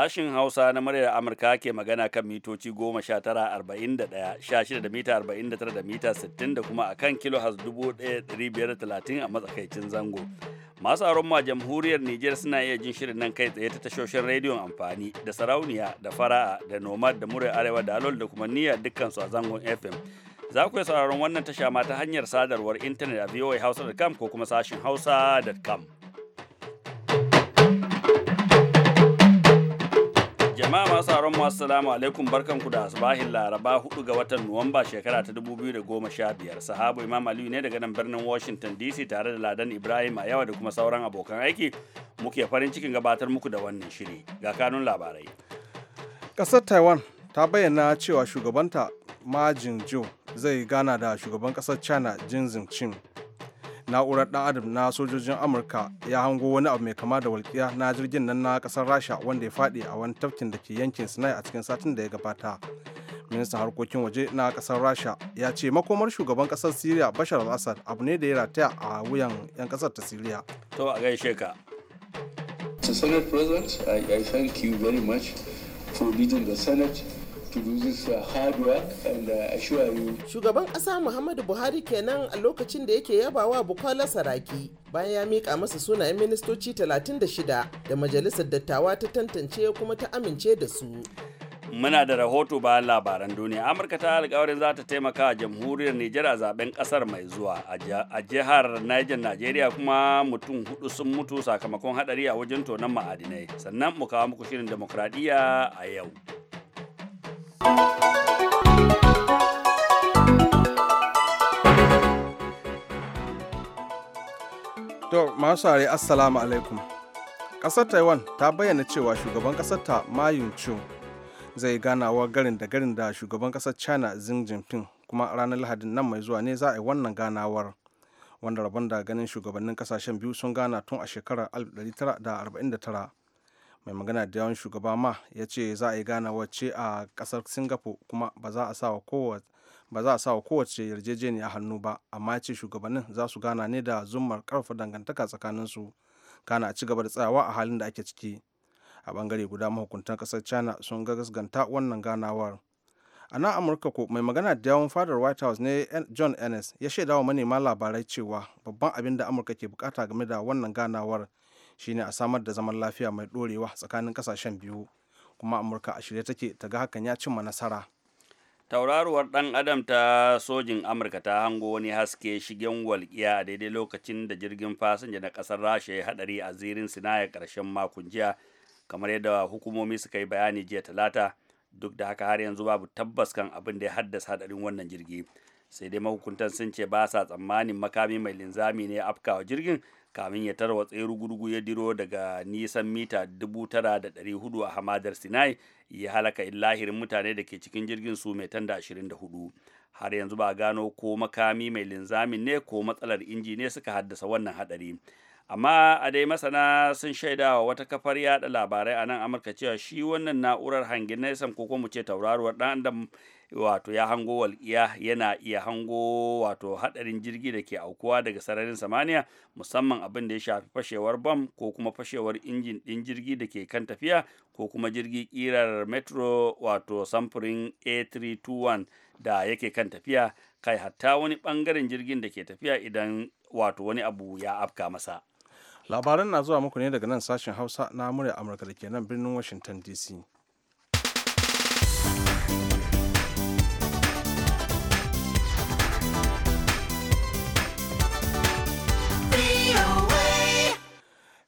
Sashin Hausa na muryar Amurka ke magana kan mitoci 19-41-16 da mita 49 da mita 60 da kuma a kan kilohaz 1530 a matsakaicin zango. Masu aron ma jamhuriyar Nijar suna iya jin shirin nan kai tsaye ta tashoshin rediyon amfani da sarauniya da fara'a da nomad da muryar arewa da alol da kuma niyyar dukkansu a zangon FM. Za ku yi sauraron wannan tasha ma ta hanyar sadarwar intanet a voahausa.com ko kuma sashin hausa.com. Jama'a masu haron masu salamu alaikum ku da asbahin Laraba 4 ga watan Nuwamba shekara ta 2015. Sahabu Imam Aliyu ne daga nan birnin Washington DC tare da Ladan Ibrahim a yawa da kuma sauran abokan aiki muke farin cikin gabatar muku da wannan shiri. Ga kanun labarai. Kasar Taiwan ta bayyana cewa shugabanta Majin Jo zai gana da shugaban kasar China Jin na'urar dan adam na sojojin amurka ya hango wani abu mai kama da walƙiya na jirgin nan na ƙasar rasha wanda ya faɗi a wani tafkin da ke yankin sinai a cikin satin da ya gabata ministan harkokin waje na ƙasar rasha ya ce makomar shugaban ƙasar syria bashar al-assad abu ne da ya rataya a wuyan 'yan ƙasar ta syria to a gaishe ka Mr. Senate President, I, I thank you very much for leading the Senate Uh, uh, Shugaban ƙasa Muhammadu Buhari kenan a lokacin da yake yabawa Bukola Saraki bayan ya miƙa masa sunayen ministoci 36 da majalisar dattawa ta tantance kuma ta amince da su. Muna da rahoto bayan labaran duniya. Amurka ta alkawarin za ta taimaka a jamhuriyar Nijar a zaben kasar mai zuwa. A jihar Niger Najeriya kuma mutum hudu sun mutu sakamakon hadari a wajen tonon ma'adinai. Sannan mu kawo muku shirin demokradiyya a yau. To masu are assalamu alaikum. Kasar Taiwan ta bayyana cewa shugaban kasar ta Ma Yun-chu zai ganawa garin da garin da shugaban ƙasar China Xi Jinping kuma ranar Lahadin nan mai zuwa ne za a yi wannan ganawar. Wanda rabon da ganin shugabannin ƙasashen biyu sun gana tun a shekarar 1949. mai magana da yawan shugaba ma ya ce za a yi ganawar ce a kasar singapore kuma ba za a sa wa kowace yarjejeniya hannu ba amma ya ce shugabannin za su gana ne da zumar karfa dangantaka tsakaninsu kana a ci gaba da tsayawa a halin da ake ciki a bangare guda mahukuntan kasar china sun gasganta wannan ganawar a nan amurka ko mai magana da yawon fadar white house ne john ennis ya shaidawa manema labarai cewa babban abin da amurka ke bukata game da wannan ganawar shine a samar da zaman lafiya mai ɗorewa tsakanin kasashen biyu kuma amurka a shirye take ta ga hakan ya cimma nasara tauraruwar dan adam ta sojin amurka ta hango wani haske shigen walƙiya a daidai lokacin da jirgin fasinja na ƙasar rasha ya haɗari a zirin sinaya ƙarshen makon jiya kamar yadda hukumomi suka yi bayani jiya talata duk da haka har yanzu babu tabbas kan abin da ya haddasa haɗarin wannan jirgi sai dai mahukuntan sun ce ba sa tsammanin makami mai linzami ne ya wa jirgin kamin ya tarwatse rugurgu ya diro daga nisan mita 9,400 a hamadar sinai ya halaka illahirin mutane da ke cikin jirgin su mai tanda 24 har yanzu ba gano ko makami mai linzamin ne ko matsalar inji ne suka haddasa wannan hadari amma a dai masana sun shaidawa wata kafar yada labarai a nan amurka cewa shi wannan na'urar hangin nesan ko kuma ce tauraruwar dan adam wato ya hango walƙiya yana iya hango wato hadarin jirgi da ke aukuwa daga sararin samaniya musamman abin da ya shafi fashewar bam ko kuma fashewar injin din jirgi da ke kan tafiya ko kuma jirgi kirar metro wato samfurin a321 da yake kan tafiya kai hatta wani bangaren jirgin da ke tafiya idan wato wani abu ya afka masa labaran na zuwa muku ne daga nan sashen hausa na murya amurka da ke nan birnin washington dc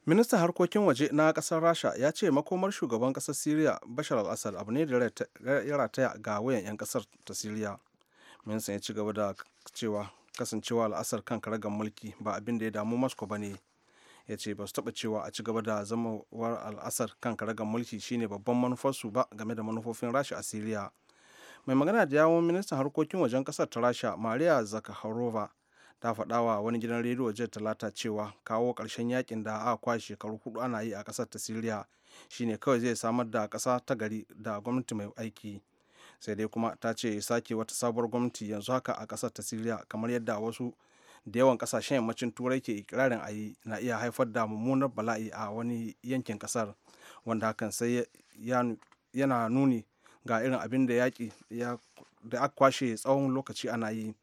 ministan harkokin waje na kasar rasha ya ce makomar shugaban kasar syria bashar al-assad abu ne da ya rataya ga wayan 'yan kasar ta syria ministan ya ci gaba da cewa kasancewa al kan karagar mulki ba abin da ya damu moscow ba ne ya ce ba su taɓa cewa a ci gaba da zamawar al'asar kan karagar mulki shine babban manufarsu ba game da manufofin rasha a siriya mai magana da yawon ministan harkokin wajen kasar ta rasha maria zakharova ta faɗa wa wani gidan rediyo jiya talata cewa kawo ƙarshen yakin da a kwa shekaru hudu ana yi a kasar ta siriya shine kawai zai samar da kasa ta gari da gwamnati mai aiki sai dai kuma ta ce sake wata sabuwar gwamnati yanzu haka a kasar ta siriya kamar yadda wasu da yawan kasashen yammacin turai ke ikirarin a yi na iya haifar da mummunar bala'i a wani yankin kasar wanda hakan sai yana nuni ga irin abin da yaƙi da aka kwashe tsawon lokaci ana yi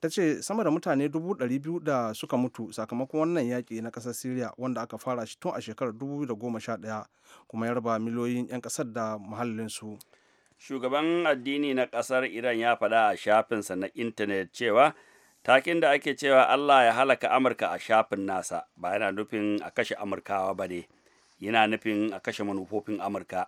ta ce sama da mutane dubu dari biyu da suka mutu sakamakon wannan yaƙi na ƙasar syria wanda aka fara shi tun a shekarar dubu da goma sha ɗaya kuma yarba raba miliyoyin 'yan ƙasar da muhallinsu shugaban addini na ƙasar iran ya faɗa a shafinsa na intanet cewa takin da ake cewa Allah ya halaka Amurka a shafin nasa ba yana nufin a kashe Amurkawa ba ne yana nufin a kashe manufofin Amurka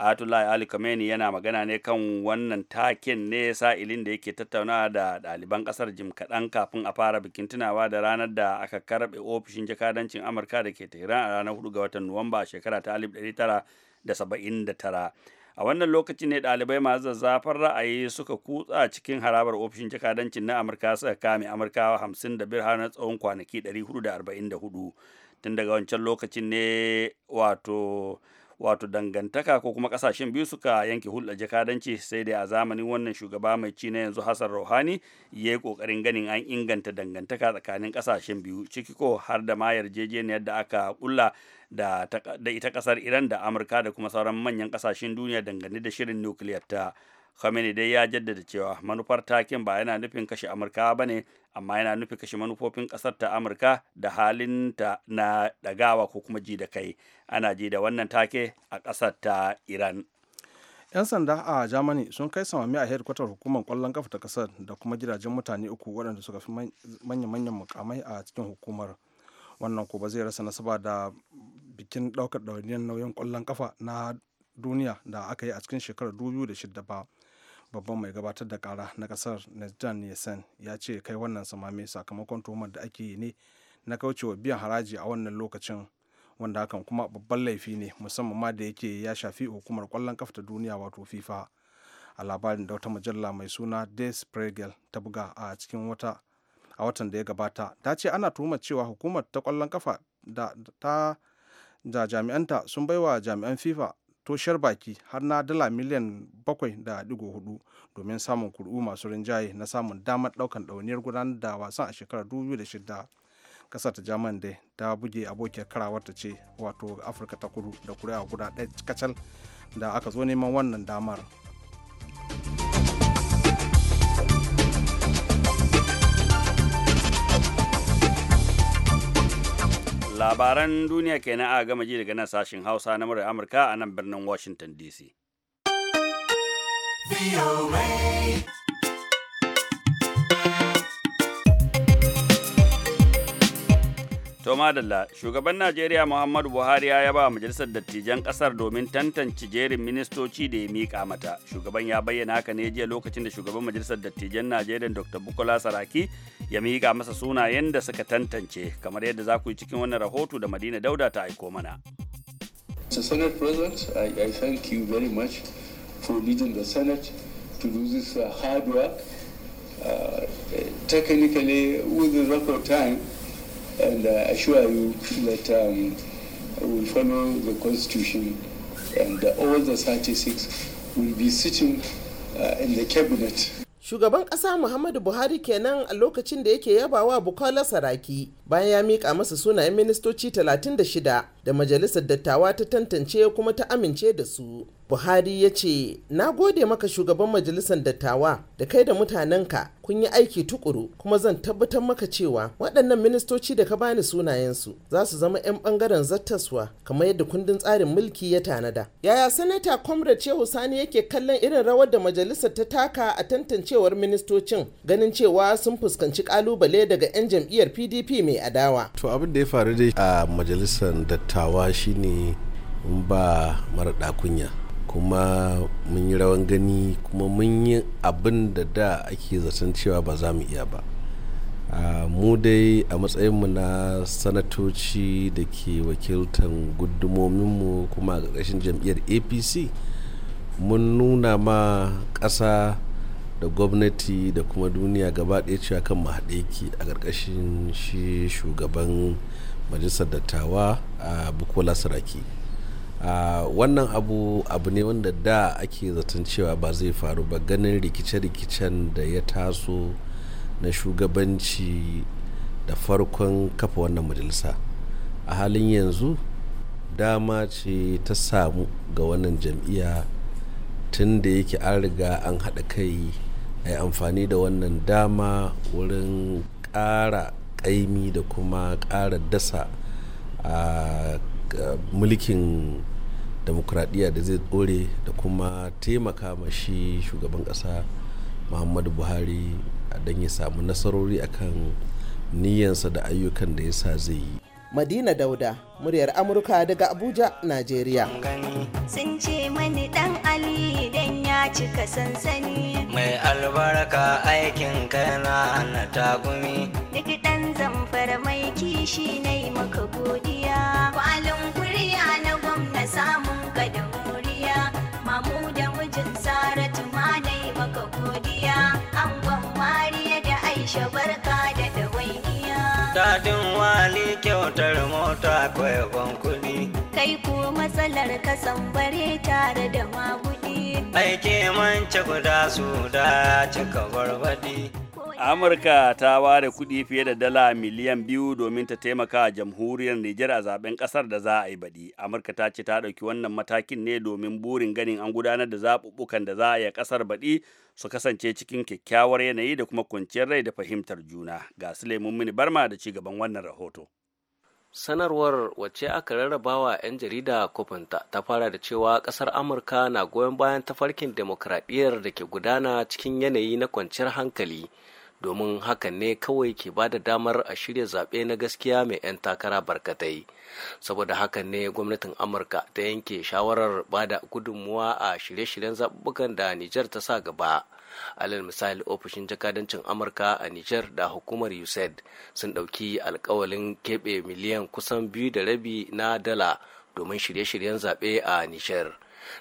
Atulai Ali Khamenei yana magana ne kan wannan takin ne ilin da yake tattaunawa da ɗaliban ƙasar jim kaɗan kafin a fara bikin tunawa da ranar da aka karɓe ofishin jakadancin Amurka da ke Tehran a ranar 4 ga watan Nuwamba shekara ta 1979 a wannan lokacin ne ɗalibai masu zazzafar ra'ayi suka kutsa cikin harabar ofishin jakadancin na amurka suka kame amurkawa hamsin da biyar na tsawon kwanaki 444 tun daga wancan lokacin ne wato wato dangantaka ko kuma kasashen biyu suka yanke hulɗa jakadanci sai dai a zamanin wannan shugaba mai ci na yanzu hassan rohani ya yi ƙoƙarin ganin an inganta dangantaka tsakanin kasashen biyu ciki ko har da ma yarjejeniyar da aka ƙulla da, ita ƙasar iran da amurka da kuma sauran manyan ƙasashen duniya dangane da shirin nukiliyar ta Khamenei dai ya jaddada cewa manufar takin ba yana nufin kashe Amurka ba ne, amma yana nufin kashe manufofin ƙasar ta Amurka da halin ta na ɗagawa ko kuma ji da kai. Ana ji da wannan take a ƙasar ta Iran. 'Yan sanda a Germany sun kai samami a hedkwatar hukumar kwallon kafa ta ƙasar da kuma gidajen mutane uku waɗanda suka fi manya-manyan mukamai a cikin hukumar. Wannan ko ba zai rasa nasaba da bikin ɗaukar ɗawainiyar nauyin ƙwallon kafa na duniya da aka yi a cikin shekarar 2006 ba. babban mai gabatar da kara na kasar nazdan nisan ya ce kai wannan samami sakamakon tuhumar da ake yi ne na kaucewa biyan haraji a wannan lokacin wanda hakan kuma babban laifi ne musamman ma da yake ya shafi hukumar kwallon kafata duniya wato fifa a labarin da wata mujalla mai suna des pregel ta buga a cikin wata a watan da ya gabata ta ce ana tuhumar cewa hukumar ta kwallon kafa da ta jami'anta sun baiwa jami'an fifa toshar baki har na dala miliyan 7.4 domin samun kuri'u masu rinjaye na samun damar daukan ɗauniyar gudanar da wasan a shekarar 2006 kasar ta jaman dai ta buge abokiyar ta ce wato afirka ta kudu da kuri'a guda ɗaya kacal da aka zo neman wannan damar labaran duniya kenan a gama ji daga nan sashen hausa na murar amurka a nan birnin washington dc To madalla, shugaban Najeriya Muhammadu Buhari ya ba majalisar dattijan kasar domin tantance jerin ministoci da ya miƙa mata. Shugaban ya bayyana haka ne jiya lokacin da shugaban majalisar dattijan Najeriya Dr. Bukola Saraki ya miƙa masa sunayen da suka tantance, kamar yadda za ku yi cikin wannan rahoto da Madina Dauda ta aiko mana. Mr. Senate President, I, I thank you very much for leading the Senate to do this uh, hard work. Uh, technically, with the record time, and uh, assure you that um, we follow the constitution and uh, all the 36 will be sitting uh, in the cabinet. Shugaban ƙasa Muhammadu Buhari kenan a lokacin da yake yabawa Bukola Saraki bayan ya mika masa sunayen ministoci 36 da majalisar dattawa ta tantance kuma ta amince da su. buhari ya ce na gode maka shugaban majalisar dattawa da kai da mutanenka kun yi aiki tukuru kuma zan tabbatar maka cewa waɗannan ministoci da ka bani sunayensu za su zama 'yan ɓangaren zattaswa kamar yadda kundin tsarin mulki ya tanada yaya sanata comrade shehu sani yake kallon irin rawar da majalisar ta taka a tantancewar ministocin ganin cewa sun fuskanci kalubale daga 'yan jam'iyyar pdp mai adawa to abin da ya faru dai a majalisar dattawa shine ba mara kunya kuma mun yi rawan gani kuma mun yi abin da da ake zaton cewa ba za mu iya ba mu dai a matsayinmu na sanatoci da ke wakiltar gudumominmu kuma a ƙarƙashin jam'iyyar apc mun nuna ma ƙasa da gwamnati da kuma duniya gaba ɗaya cewa kan haɗe ki a ƙarƙashin shi shugaban majalisar dattawa a bukola saraki wannan abu abu ne wanda da ake zaton cewa ba zai faru ba ganin rikice-rikicen da ya taso na shugabanci da farkon kafa wannan majalisa a halin yanzu dama ce ta samu ga wannan jam'iyya tun da yake an riga an haɗa kai a yi amfani da wannan dama wurin ƙara ƙaimi da kuma ƙara dasa a mulkin demokradiyya da zai tsore da kuma taimaka ma shi shugaban kasa muhammadu buhari don ya samu nasarori akan niyyansa da ayyukan da ya sa zai yi madina dauda muryar amurka daga abuja nigeria sun ce mani dan ali dan ya cika sansani mai albarka aikin kana na tagumi duk dan zamfara mai kishi na maka godiya kwaikwan kuɗi. Kai ko matsalar ka sambare tare da maguɗi. Aike mance guda su da cika barbaɗi. Amurka ta ware kuɗi fiye da dala miliyan biyu domin ta taimaka a jamhuriyar Nijar a zaben ƙasar da za a yi baɗi. Amurka ta ce ta ɗauki wannan matakin ne domin burin ganin an gudanar da zaɓuɓɓukan da za a yi a ƙasar baɗi su kasance cikin kyakkyawar yanayi da kuma kwanciyar rai da fahimtar juna. Ga Suleiman Mini Barma da ci gaban wannan rahoto. sanarwar wacce aka rarrabawa 'yan jarida kofinta ta fara da cewa kasar amurka na goyon bayan tafarkin demokradiyyar da ke gudana cikin yanayi na kwanciyar hankali domin hakan ne kawai ke ba da damar a shirya zaɓe na gaskiya mai 'yan takara barkatai saboda hakan ne gwamnatin amurka ta yanke shawarar bada da gudunmuwa a shirye-shiryen zaɓuɓɓukan da nijar ta sa gaba alal misali ofishin jakadancin amurka a Niger da hukumar usaid sun ɗauki alkawalin keɓe miliyan kusan biyu da rabi na dala domin shirye-shiryen zaɓe a Niger.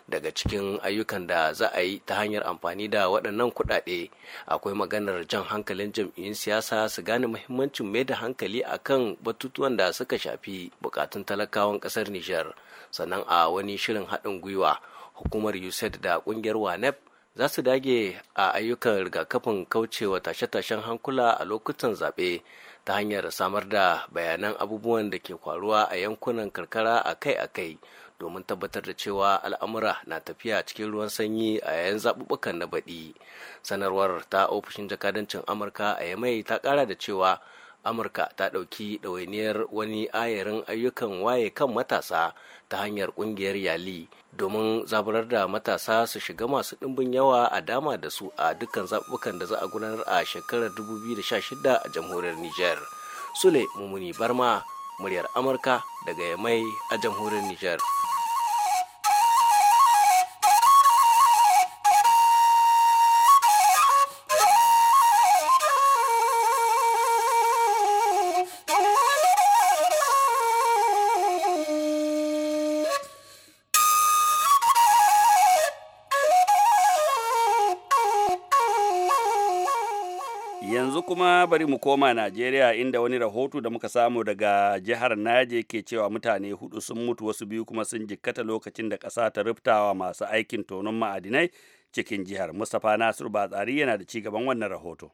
daga cikin ayyukan da za a yi ta hanyar amfani da waɗannan kuɗaɗe akwai maganar jan hankalin jam'iyyun siyasa su gane muhimmancin mai da hankali a kan batutuwan da suka shafi bukatun talakawan ƙasar Niger. sannan a wani shirin haɗin gwiwa hukumar USAID da ƙungiyar WANEP za su dage a ayyukan rigakafin kaucewa tashe-tashen hankula a lokutan zaɓe ta hanyar samar da bayanan abubuwan da ke kwaruwa a yankunan karkara akai-akai domin tabbatar da cewa al'amura na tafiya cikin ruwan sanyi a yayin zaɓuɓɓukan na baɗi sanarwar ta ofishin jakadancin amurka a yamai ta ƙara da cewa amurka ta ɗauki ɗawainiyar wani ayarin ayyukan waye kan matasa ta hanyar ƙungiyar yali domin zaburar da matasa su shiga masu ɗimbin yawa a dama da su a dukkan zaɓuɓɓukan da za a gudanar a shekarar 2016 a jamhuriyar niger sule mumuni barma muryar amurka daga yamai a jamhuriyar niger bari mu koma Najeriya inda wani rahoto da muka samu daga jihar Naje ke cewa mutane hudu sun mutu wasu biyu kuma sun jikkata lokacin da ƙasa ta rubtawa masu aikin tonon ma'adinai cikin jihar. Mustapha Nasiru Batsari yana da ci gaban wannan rahoto.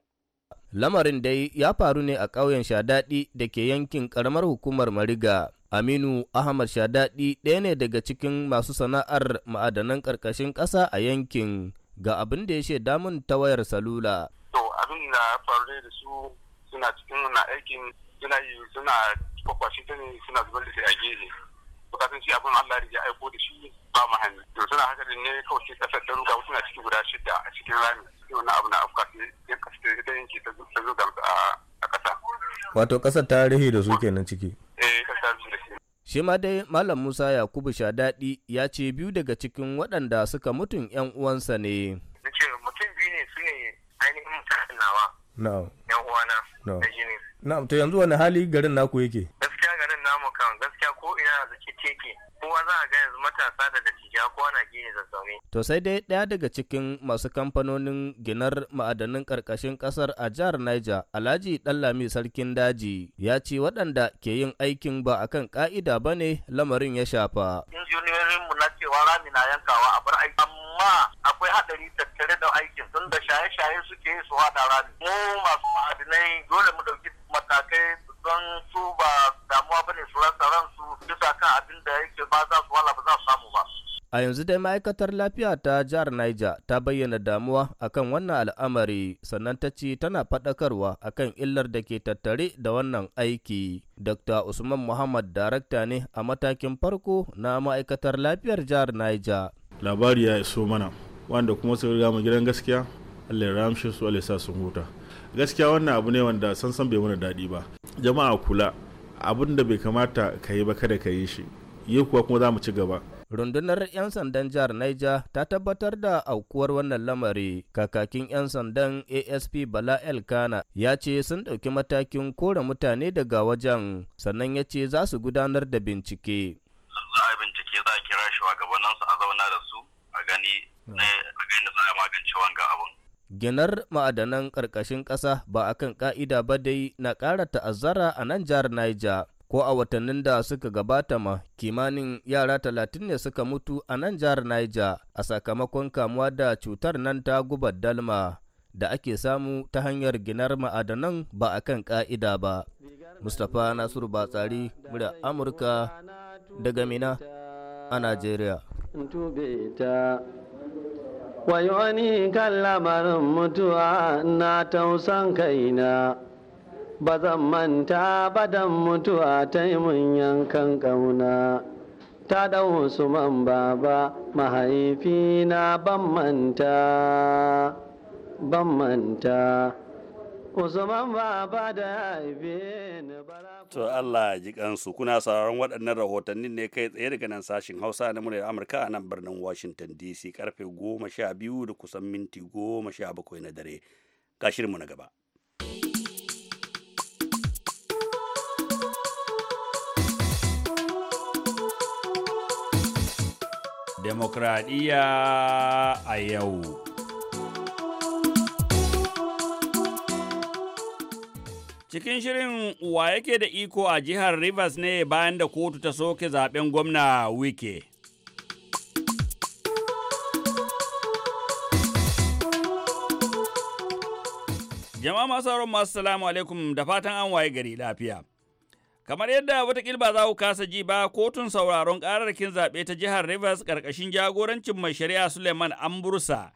Lamarin dai ya faru ne a ƙauyen Shadaɗi da ke yankin ƙaramar hukumar Mariga. Aminu Ahmad Shadaɗi ɗaya ne daga cikin masu sana'ar ma'adanan ƙarƙashin ƙasa a yankin ga abin da ya shaida mun ta wayar salula. abin da ya faru da su suna cikin wani aikin suna yi suna kwakwashi ta ne suna zubar da shi a gefe bukatun shi abin Allah ya aiko da shi ba mu hannu to suna haka ne kawai sai kasar ta ruga suna ciki guda shida a cikin rami sai wani abu na afka sai kasar ta yanke ta zuga a kasa wato kasar ta rihe da su kenan ciki eh shi ma dai malam Musa Yakubu Shadadi ya ce biyu daga cikin waɗanda suka mutun yan uwansa ne na'am yan uwana da jini to yanzu wani hali garin naku yake gaskiya garin namu kan gaskiya ko ina ke teke kowa za a ga yanzu matasa da dattija kowa na gini zazzaune. To sai dai daya daga cikin masu kamfanonin ginar ma'adanin karkashin kasar a jihar Niger, Alhaji Dallami Sarkin Daji, ya ce waɗanda ke yin aikin ba a kan ƙa'ida ba ne lamarin ya shafa. Injiniyoyinmu na cewa rami na yankawa a bar aiki, amma akwai haɗari tattare da aiki. ba tara mu masu ma'adinai dole mu ɗauki matakai don su ba damuwa bane su rasa ransu bisa kan abin da yake ba za su wala ba za su samu ba. A yanzu dai ma'aikatar lafiya ta jihar Niger ta bayyana damuwa akan wannan al'amari sannan ta ce tana faɗakarwa akan illar da ke tattare da wannan aiki. Dr. Usman Muhammad darakta ne a matakin farko na ma'aikatar lafiyar jihar Niger. Labari ya iso mana wanda kuma su riga mu gidan gaskiya allah ya ramshe su allah ya sa sun huta gaskiya wannan abu ne wanda san san bai mana daɗi ba jama'a kula abin da bai kamata ka yi ba kada ka yi shi yi kuwa kuma za mu ci gaba rundunar 'yan sandan jihar Niger ta tabbatar da aukuwar wannan lamari kakakin 'yan sandan asp bala El-kana. ya ce sun ɗauki matakin kore mutane daga wajen sannan ya ce za su gudanar da bincike za a bincike za a kira shugabanninsu a zauna da su a gani na hmm. gani za a magance wanga abin Ginar ma'adanan ƙarƙashin ƙasa ba a kan ƙa'ida ba dai na ƙara ta'azzara a nan jihar Niger, ko a watannin da suka gabata ma kimanin yara talatin ne suka mutu a nan jihar Niger a sakamakon kamuwa da cutar nan ta gubar dalma da ake samu ta hanyar ginar ma'adanan ba a kan ƙa'ida ba. Mustapha Nasiru Batsari, murya Amurka daga Mina a Najeriya. Wai wani kan lamarin mutuwa na tausan kaina ba zan manta badan mutuwa ta yi mun yankan ƙauna ta ɗau su man baba mahaifina ban manta ban manta Usman ba da To Allah ji kansu kuna sauraron waɗannan rahotannin ne kai tsaye daga nan sashin Hausa na muryar Amurka a nan birnin Washington DC karfe goma sha biyu da kusan minti goma sha bakwai na dare. Ga shirinmu na gaba. Demokradiyya a yau. Cikin shirin wa yake da iko a jihar Rivers ne bayan da kotu ta soke zaben gwamna wike. Jama'a masu sauran masu salamu alaikum da fatan an waye gari lafiya. Kamar yadda watakil ba za ku kasa ji ba kotun sauraron kararrakin zaɓe ta jihar Rivers ƙarƙashin jagorancin mai shari'a Suleiman Ambursa.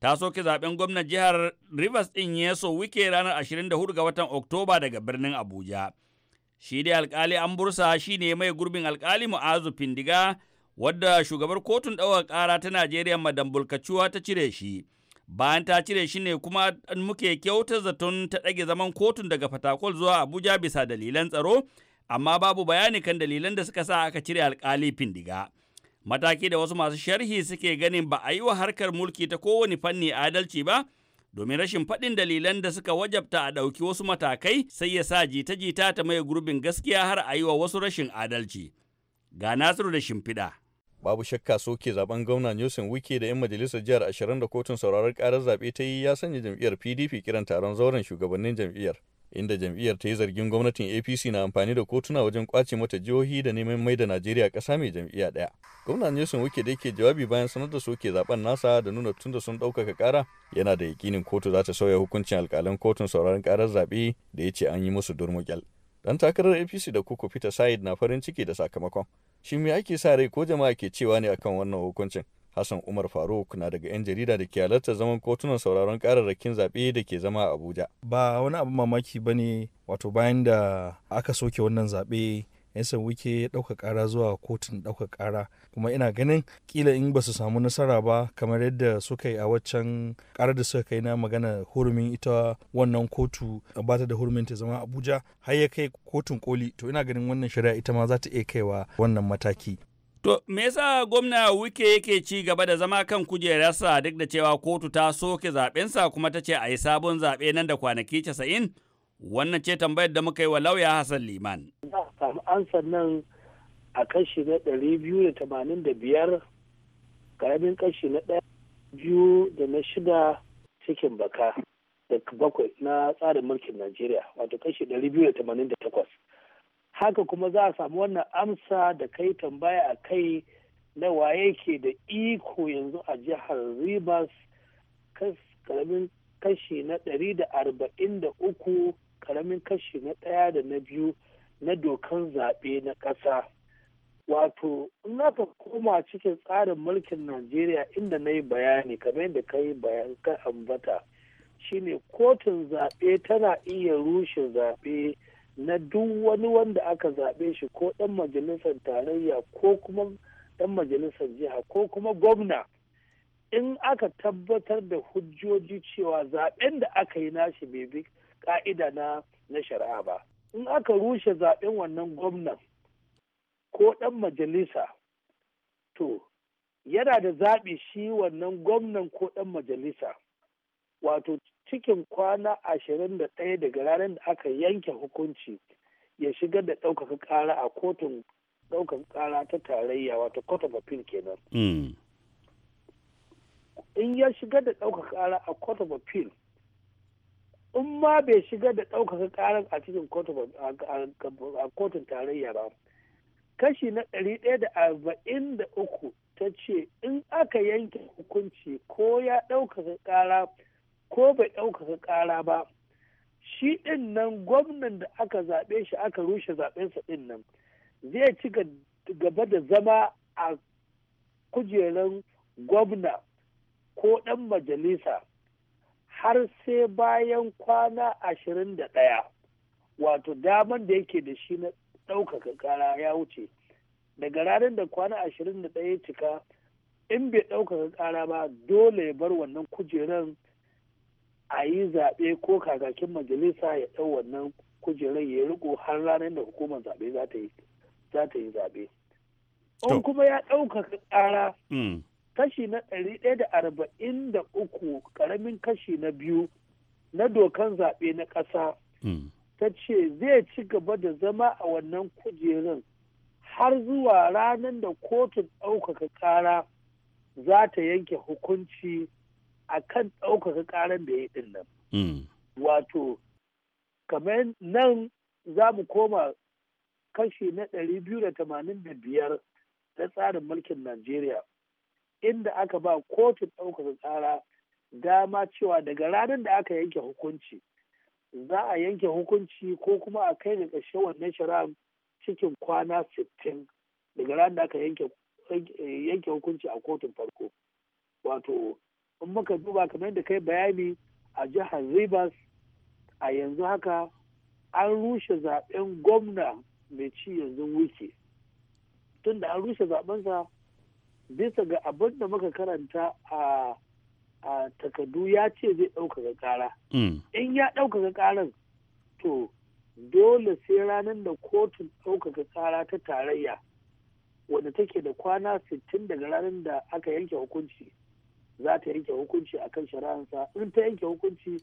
ta soke zaben gwamnan jihar Rivers ɗin Yeso Wike ranar 24 ga watan Oktoba daga birnin Abuja. Shi dai alkali an bursa shi ne mai gurbin alkali Mu'azu Findiga wadda shugabar kotun ɗaukar kara ta Najeriya Madam Bulkacuwa ta cire shi. Bayan ta cire shi ne kuma muke kyauta zaton ta ɗage zaman kotun daga Fatakol zuwa Abuja bisa dalilan tsaro, amma babu bayani kan dalilan da suka sa aka cire alkali Findiga. mataki da wasu masu sharhi suke ganin ba a yi wa harkar mulki ta kowane fanni adalci ba domin rashin faɗin dalilan da suka wajabta a ɗauki wasu matakai sai ya sa jita-jita ta maye gurbin gaskiya har a yi wa wasu rashin adalci ga nasiru da shimfiɗa babu shakka soke zaben gwamna Nelson Wike da 'yan majalisar jihar ashirin da kotun sauraron karar zaɓe ta yi ya sanya jam'iyyar PDP kiran taron zauren shugabannin jam'iyyar. inda jam'iyyar ta yi zargin gwamnatin apc na amfani da kotuna wajen kwace mata jihohi da neman mai da najeriya ƙasa mai jam'iyya ɗaya gwamnan nelson wuke da yake jawabi bayan sanar da su ke zaben nasa da nuna tunda sun ɗaukaka ƙara yana da yakinin kotu za ta sauya hukuncin alkalin kotun sauraron ƙarar zaɓe da ya ce an yi musu durmuƙyal dan takarar apc da kuku peter said na farin ciki da sakamakon shi me ake sa rai ko jama'a ke cewa ne akan wannan hukuncin Hassan Umar Faruk na daga 'yan jarida da ke halartar zaman kotunan sauraron kararrakin zaɓe da ke zama a Abuja. Ba wani abu mamaki ba ne wato bayan da aka soke wannan zaɓe 'yan san wike ya ɗauka ƙara zuwa kotun ɗauka ƙara kuma ina ganin ƙila in ba su samu nasara ba kamar yadda suka yi a waccan ƙarar da suka kai na magana hurumin ita wannan kotu ba ta da hurumin ta zama abuja har ya kai kotun koli to ina ganin wannan shari'a ita ma za ta iya kaiwa wannan mataki To, me yasa gwamna Wike yake ci gaba da zama kan kujerarsa duk da cewa kotu ta soke zaɓensa kuma ta ce a yi sabon zaɓe nan da kwanaki casa'in? Wannan ce tambayar da muka yi wa lauya Hassan Liman. samu ansar nan a kashi na ɗari biyu da tamanin da biyar, ƙaramin kashi na ɗaya biyu da na shida cikin baka da bakwai na tsarin mulkin Najeriya, wato kashi ɗari biyu da tamanin da takwas. haka kuma za a samu wannan amsa da kai tambaya a kai na waye ke da iko yanzu a jihar rivers karamin kashi na ɗari da arba'in da uku karamin kashi na ɗaya da na biyu na dokan zaɓe na ƙasa wato in ka koma cikin tsarin mulkin najeriya inda na yi bayani kamar yadda ka yi bayan ka ambata shine kotun zaɓe tana iya rushe zaɓe na duk wani wanda aka zaɓe shi ko ɗan majalisar tarayya ko kuma ɗan majalisar jiha ko kuma gwamna in aka tabbatar da hujjoji cewa zaɓen da aka yi nashi bai bi ƙa'ida na na shari'a ba in aka rushe zaɓen wannan gwamnan ko ɗan majalisa to yana da zaɓi shi wannan gwamnan ko ɗan majalisa wato cikin kwana ashirin da ɗaya daga ranar da aka yanke hukunci ya shigar da ɗaukaka ƙara a kotun ɗaukaka ƙara ta tarayya wato court of appeal kenan hmm. in ya shigar da ɗaukaka ƙara a court of appeal in ma bai shigar da ɗaukaka ƙarar a cikin kotun tarayya ba kashi na ɗari ɗaya da arba'in da uku ta ce in aka yanke hukunci ko ya ɗaukaka ƙara ko bai ɗaukaka ƙara ba shi ɗin nan gwamnan da aka zaɓe shi aka rushe zaɓensa ɗin nan zai ci gaba da zama a kujeran gwamna ko ɗan majalisa har sai bayan kwana ashirin da ɗaya wato daman da yake da shi na ɗaukaka ƙara ya wuce daga ranar da kwana ashirin da ɗaya cika in bai ɗaukaka ƙara ba dole ya bar wannan kujerar. a yi zaɓe ko kakakin majalisa ya ɗau wannan kujerar ya riko har ranar da hukumar zaɓe za ta yi zaɓe. In kuma ya ɗaukaka ƙara hmm. kashi na ɗari ɗaya da arba'in da uku ƙaramin kashi na biyu na dokan zaɓe na ƙasa hmm. ta ce zai ci gaba da zama a wannan kujerun har zuwa ranar da kotun ɗaukaka ƙara za ta yanke hukunci a kan ɗaukaka ƙaran da ya ɗin nan. Hmm. Wato, kamar nan za mu koma kashi na ɗari biyu da tamanin da biyar na tsarin mulkin Najeriya, inda aka ba kotu ɗaukaka ƙara dama cewa daga ranar da aka yanke hukunci, za a yanke hukunci ko kuma a kai da wannan shari'ar cikin kwana sittin daga ranar da aka yanke hukunci a kotun farko. Wato, in muka duba kamar yadda kai bayani a jihar rivers a yanzu haka an rushe zaben gwamna mai ci yanzu wuce tunda an rushe zabensa bisa ga abin da muka karanta a a takardu ya ce zai ɗaukaka ƙara hmm. in ya ɗaukaka ƙarar to dole sai ranar da kotun ɗaukaka ƙara ta tarayya wadda take da kwana 60 daga ranar da aka yanke hukunci za ta yanke hukunci a kan shari'ansa in ta yanke hukunci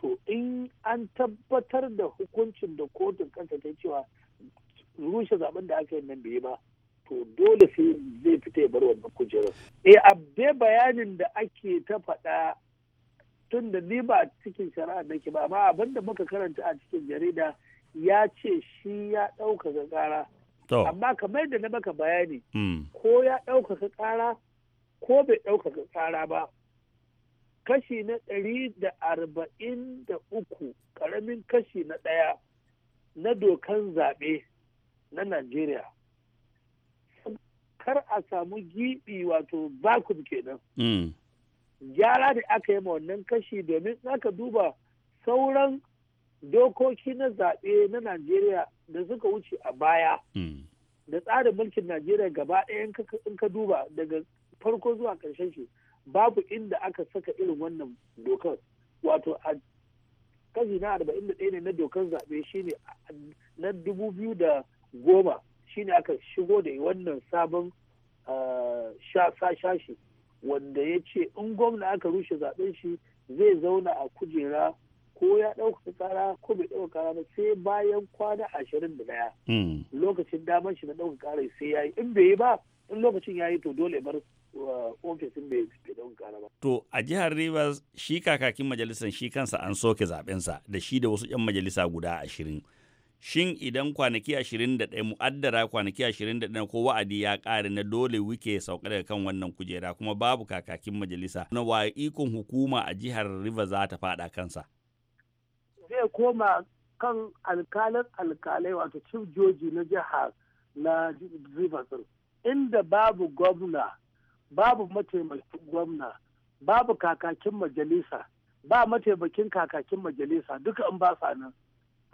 to in an tabbatar da hukuncin da kotun kanta ta cewa rushe zaben da aka yi nan bai ba to dole sai zai fita ya bar wannan kujerar eh abbe bayanin da ake ta faɗa tun da ni ba cikin shari'a nake ba amma abin da muka karanta a cikin jarida ya ce shi ya ɗaukaka ƙara amma kamar da na maka bayani hmm. ko ya ɗaukaka ƙara ko bai ɗaukaka tsara ba kashi na ɗari da arba'in da uku ƙaramin kashi na ɗaya na dokan zaɓe na Najeriya. Kar a samu giɓi wato vacuum kenan. Mm. Gyara da aka yi ma wannan kashi domin aka duba sauran dokoki na zaɓe na Najeriya da suka wuce a baya. Mm. Da tsarin mulkin Najeriya gaba ɗaya in ka duba daga farko zuwa ƙarshen shi babu inda aka saka irin wannan dokar wato a kashi na arba'in da ɗaya ne na dokar zaɓe shine na dubu biyu da goma shine aka shigo da wannan sabon sashe wanda ya ce in gwamna aka rushe zaɓen shi zai zauna a kujera ko ya ɗauka kara ko bai ɗauka kara ba sai bayan kwana ashirin da ɗaya hmm. lokacin damar shi na ɗaukaka kara sai ya yi in bai yi ba in lokacin ya yi to dole bar Uh, ofisin To a jihar Rivers shi kakakin majalisar shi kansa an soke zaɓensa da shi da wasu 'yan majalisa guda ashirin. Shin idan kwanaki ashirin da ɗaya mu'addara kwanaki ashirin da ɗaya ko wa'adi ya ƙare na dole wike sauka daga kan wannan kujera kuma babu kakakin majalisa na wa ikon hukuma a jihar Rivers za ta faɗa kansa. Zai koma kan alkalin alkalai wato chief joji na jihar na Rivers inda babu gwamna babu mataimakin gwamna babu kakakin majalisa ba mataimakin kakakin majalisa duka in ba sa nan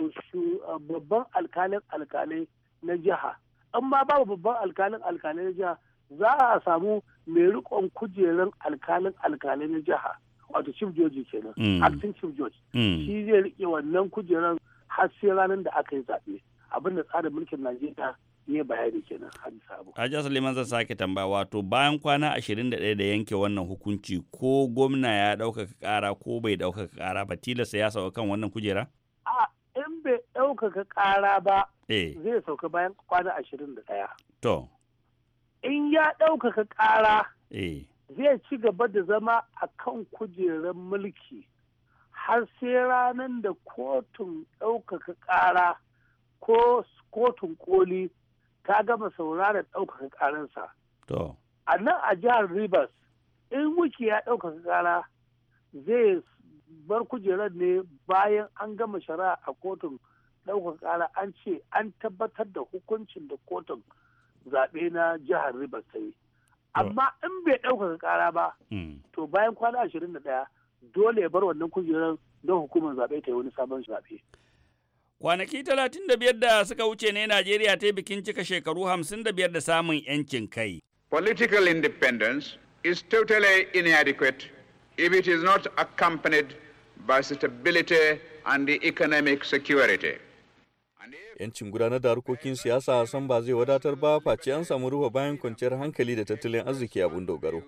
uh, babban alkalin alkalai na jiha in ma babu babban alkalin alkalai na jiha za a samu mai rikon kujerar alkalin alkalai na jiha wato chief george kenan mm. acting chief george mm. shi zai rike wannan kujerar har sai ranar da aka yi zaɓe abinda da tsarin mulkin najeriya ne bayani kenan hadisa abu Hajiya liman zan sake tambaya wato bayan kwana 21 da yanke wannan hukunci ko gwamna ya ɗaukaka ƙara ko bai ɗaukaka ƙara ba tilasta ya sauka kan wannan kujera a in bai ɗaukaka ƙara ba eh. zai sauka bayan kwana 21 to in ya ɗaukaka ƙara eh. zai ci gaba da zama a kan kujerar mulki har sai ranar da kotun ɗaukaka ƙara ko kotun koli ta gama sauraron ɗaukaka ƙaransa. A nan a jihar Rivers, in wiki ya ɗaukaka ƙara zai bar kujerar ne bayan an gama shari'a a kotun ɗaukaka kara an ce an tabbatar da hukuncin da kotun zaɓe na jihar Rivers ta yi. Amma in bai ɗaukaka kara ba, hmm. to bayan kwana ashirin da ɗaya dole ya bar wannan kujerar don hukumar zaɓe ta yi wani sabon zaɓe. Kwanaki talatin da biyar da suka wuce ne Najeriya ta bikin cika shekaru hamsin da biyar da samun 'yancin kai. Political independence is totally inadequate if it is not accompanied by stability and economic security. Yancin gudanar da harkokin siyasa san ba zai wadatar ba face an samu ruwa bayan kwanciyar hankali da tattalin arziki abun dogaro.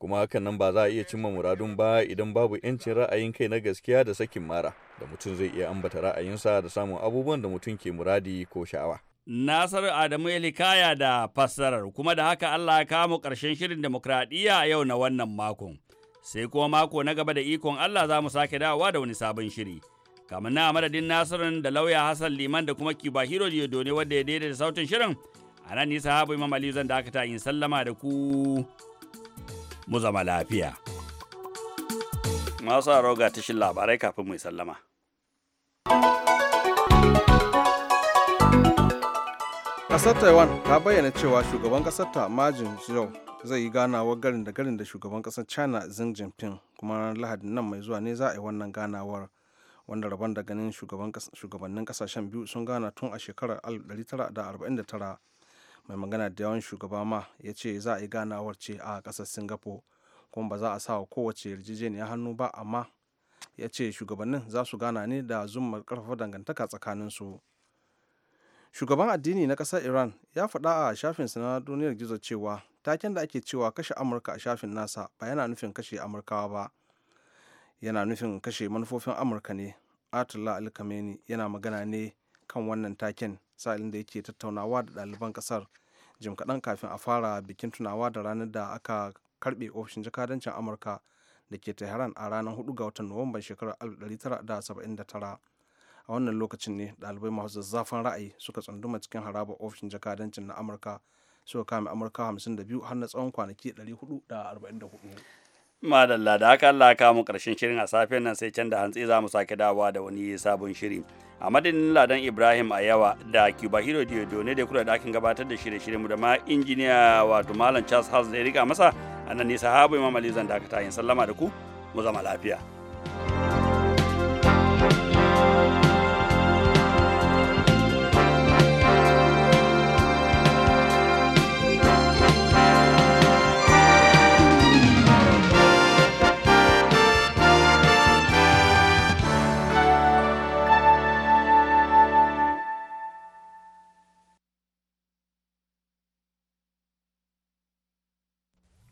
kuma hakan nan ba za a iya cimma muradun ba idan babu yancin ra'ayin kai na gaskiya da sakin mara da mutum zai iya ambata ra'ayinsa da samun abubuwan da mutum ke muradi ko sha'awa. Nasiru Adamu Elikaya da fassarar kuma da haka Allah ya kamo karshen shirin demokradiyya a yau na wannan makon. Sai kuma mako na gaba da ikon Allah za mu sake dawowa da wani sabon shiri. Kamar na madadin Nasirun da lauya Hassan Liman da kuma Kiba Hiro ne wanda ya daidaita sautin shirin. A nan nisa habu Imam Ali zan dakata in sallama da ku. mu zama lafiya masu roga tashin labarai kafin mu sallama ƙasar taiwan ta bayyana cewa shugaban kasar ta majin zhou zai yi ganawar garin da garin da shugaban kasar china xi jinping kuma ranar lahadin nan mai zuwa ne za a yi wannan ganawar wanda rabon da ganin shugabannin kasashen biyu sun gana tun a shekarar 1949 mai magana da yawan shugaba ma ya ce za a yi ganawar ce a ƙasar singapore kuma ba za a sa wa kowace yarjejeniya hannu ba amma ya ce shugabannin za su gana ne da zuma ƙarfafa dangantaka tsakaninsu shugaban addini na ƙasar iran ya faɗa a shafin na duniyar gizo cewa taken da ake cewa kashe amurka a shafin nasa ba yana nufin kashe amurkawa ba yana nufin kashe manufofin amurka ne atullah alkameni yana magana ne kan wannan taken sa'ilin da yake tattaunawa da ɗaliban kasar jim kaɗan kafin a fara bikin tunawa da ranar da aka karɓe ofishin jakadancin amurka da ke tehran a ranar 4 ga watan nuwamban shekarar 1979 a wannan lokacin ne ɗalibai masu zazzafan ra'ayi suka tsunduma cikin harabar ofishin jakadancin na amurka suka kame amurka 52 har na tsawon kwanaki 444 madalla da haka Allah ka mu karshen shirin a safiyar nan sai can da hantsi za mu sake dawowa da wani sabon shiri a madadin ladan ibrahim a yawa da cuba hero diodo da kula da akin gabatar da shirye shirye mu da ma injiniya wato malam charles Hals da ya rika masa a nan nisa habu imam ali zan dakata yin sallama da ku mu zama lafiya.